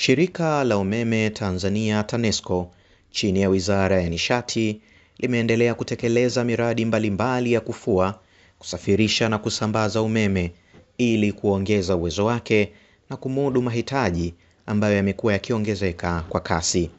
Shirika la Umeme Tanzania TANESCO chini ya Wizara ya Nishati limeendelea kutekeleza miradi mbalimbali ya kufua, kusafirisha na kusambaza umeme ili kuongeza uwezo wake na kumudu mahitaji ambayo yamekuwa yakiongezeka kwa kasi.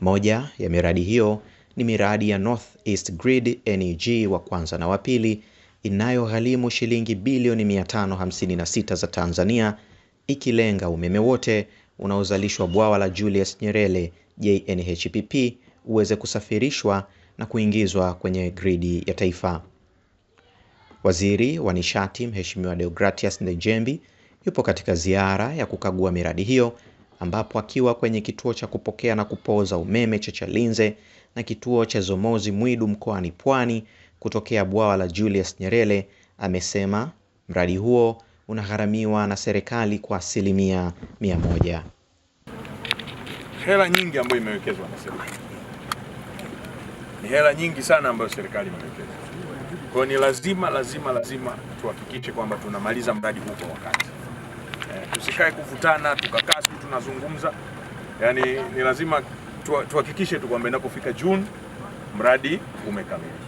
Moja ya miradi hiyo ni miradi ya North East Grid NEG wa kwanza na wa pili inayogharimu shilingi bilioni 556 za Tanzania ikilenga umeme wote unaozalishwa bwawa la Julius Nyerere JNHPP uweze kusafirishwa na kuingizwa kwenye gridi ya taifa. Waziri wa Nishati Mheshimiwa Deogratias Ndejembi yupo katika ziara ya kukagua miradi hiyo ambapo akiwa kwenye kituo cha kupokea na kupoza umeme cha Chalinze na kituo cha Zomozi Mwidu mkoani Pwani kutokea bwawa la Julius Nyerere amesema mradi huo unagharamiwa na serikali kwa asilimia mia moja. Hela nyingi ambayo imewekezwa na serikali ni hela nyingi sana ambayo serikali imewekeza. Kwa hiyo ni lazima lazima lazima tuhakikishe kwamba tunamaliza mradi huu kwa wakati. E, tusikae kuvutana tukakaa siku tunazungumza. Yaani ni lazima tuhakikishe tu kwamba inapofika Juni mradi umekamilika.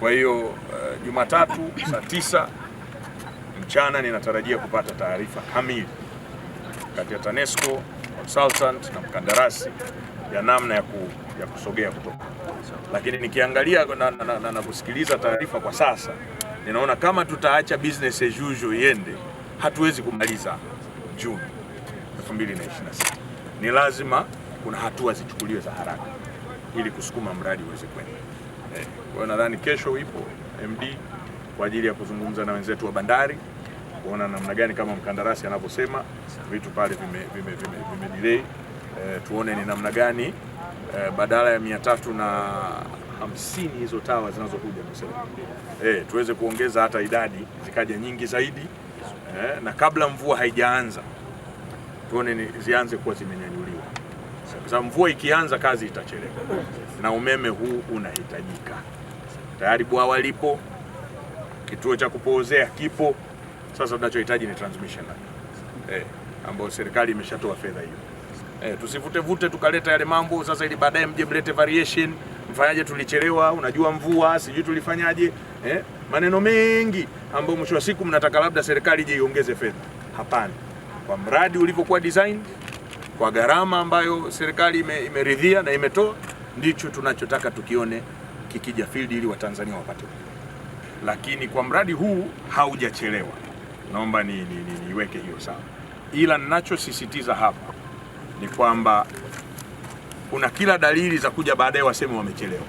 Kwa hiyo eh, Jumatatu saa tisa mchana ninatarajia kupata taarifa kamili kati ya TANESCO consultant na mkandarasi ya namna ya, ku, ya kusogea kutoka, lakini nikiangalia na, na, na, na, na kusikiliza taarifa kwa sasa ninaona kama tutaacha business as usual iende, hatuwezi kumaliza Juni 2026. Ni lazima kuna hatua zichukuliwe za haraka ili kusukuma mradi uweze kwenda. Eh, kwa hiyo nadhani kesho ipo MD kwa ajili ya kuzungumza na wenzetu wa bandari kuona namna gani kama mkandarasi anavyosema vitu pale vime vime delay e, tuone ni namna gani e, badala ya mia tatu na hamsini hizo tawa zinazokuja e, tuweze kuongeza hata idadi zikaja nyingi zaidi e, na kabla mvua haijaanza tuone ni zianze kuwa zimenyanyuliwa, kwa sababu mvua ikianza kazi itachelewa na umeme huu unahitajika. Tayari bwawa lipo, kituo cha kupoozea kipo. Sasa tunachohitaji ni transmission line eh, ambayo serikali imeshatoa fedha hiyo eh, tusivutevute tukaleta yale mambo sasa, ili baadaye mje mlete variation, mfanyaje, tulichelewa, unajua mvua, sijui tulifanyaje, eh, maneno mengi ambayo mwisho wa siku mnataka labda serikali je iongeze fedha. Hapana, kwa mradi ulivyokuwa design, kwa gharama ambayo serikali ime, imeridhia na imetoa, ndicho tunachotaka tukione kikija field ili Watanzania wapate, lakini kwa mradi huu haujachelewa naomba niweke ni, ni, ni hiyo sawa, ila ninachosisitiza hapa ni kwamba kuna kila dalili za kuja baadaye waseme wamechelewa,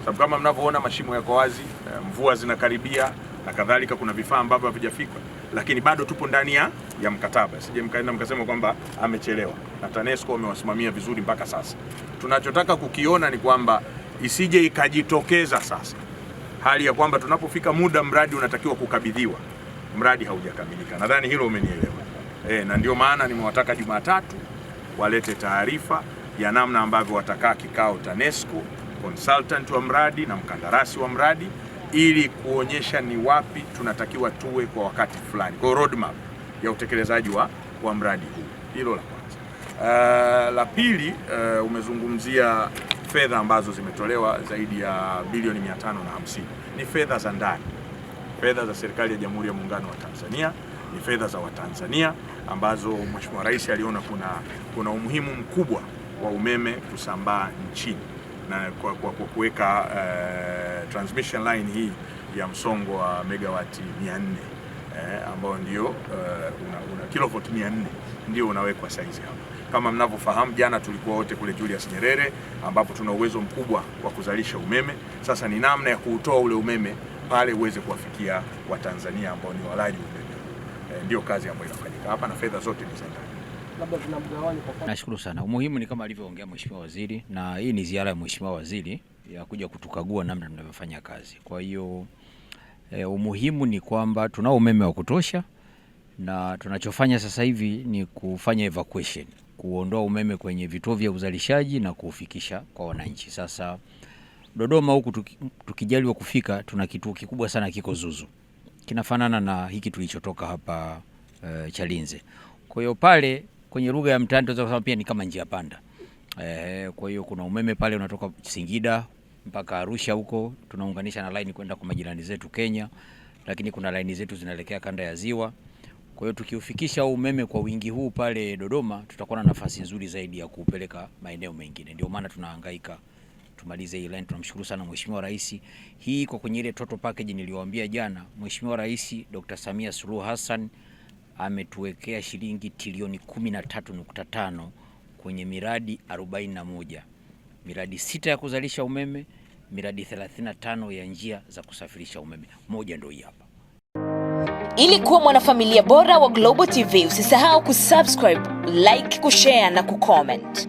sababu kama mnavyoona mashimo yako wazi, eh, mvua zinakaribia na kadhalika. Kuna vifaa ambavyo havijafikwa, lakini bado tupo ndani ya mkataba, sije mkaenda mkasema kwamba amechelewa, na TANESCO wamewasimamia vizuri mpaka sasa. Tunachotaka kukiona ni kwamba isije ikajitokeza sasa hali ya kwamba tunapofika muda mradi unatakiwa kukabidhiwa mradi haujakamilika. Nadhani hilo umenielewa e, na ndio maana nimewataka Jumatatu walete taarifa ya namna ambavyo watakaa kikao TANESCO, consultant wa mradi na mkandarasi wa mradi ili kuonyesha ni wapi tunatakiwa tuwe kwa wakati fulani, kwa roadmap ya utekelezaji wa, wa mradi huu. Hilo la kwanza. Uh, la pili, uh, umezungumzia fedha ambazo zimetolewa zaidi ya bilioni 550 ni fedha za ndani Fedha za serikali ya Jamhuri ya Muungano wa Tanzania ni fedha za Watanzania ambazo Mheshimiwa Rais aliona kuna, kuna umuhimu mkubwa wa umeme kusambaa nchini na kwa, kwa, kwa kuweka uh, transmission line hii ya msongo wa megawati 400 eh, ambao ndio uh, una, una kilovolt 400 ndio unawekwa saizi hapa. Kama mnavyofahamu, jana tulikuwa wote kule Julius Nyerere ambapo tuna uwezo mkubwa wa kuzalisha umeme. Sasa ni namna ya kuutoa ule umeme pale uweze kuwafikia Watanzania ambao ni walaji umeme. E, ndio kazi ambayo inafanyika hapa na fedha zote ni za ndani. Nashukuru sana. Umuhimu ni kama alivyoongea Mheshimiwa Waziri, na hii ni ziara ya Mheshimiwa Waziri ya kuja kutukagua namna tunavyofanya kazi. Kwa hiyo e, umuhimu ni kwamba tunao umeme wa kutosha, na tunachofanya sasa hivi ni kufanya evacuation, kuondoa umeme kwenye vituo vya uzalishaji na kuufikisha kwa wananchi sasa Dodoma huku tuki, tukijaliwa kufika, tuna kituo kikubwa sana kiko Zuzu, kinafanana na hiki tulichotoka hapa e, Chalinze. Kwa hiyo pale kwenye lugha ya mtaani tunaweza kusema pia ni kama njia panda e, kwa hiyo kuna umeme pale unatoka Singida mpaka Arusha huko, tunaunganisha na line kwenda kwa majirani zetu Kenya, lakini kuna laini zetu zinaelekea kanda ya ziwa. Kwa hiyo tukiufikisha umeme kwa wingi huu pale Dodoma, tutakuwa na nafasi nzuri zaidi ya kuupeleka maeneo mengine, ndio maana tunahangaika tumalize hii line. Tunamshukuru sana Mheshimiwa Rais, hii iko kwenye ile total package niliwaambia jana. Mheshimiwa Rais Dr. Samia Suluhu Hassan ametuwekea shilingi trilioni 13.5 kwenye miradi 41, miradi sita ya kuzalisha umeme, miradi 35 ya njia za kusafirisha umeme, moja ndio hii hapa. Ili kuwa mwanafamilia bora wa Global TV, usisahau kusubscribe, like, kushare na kucomment.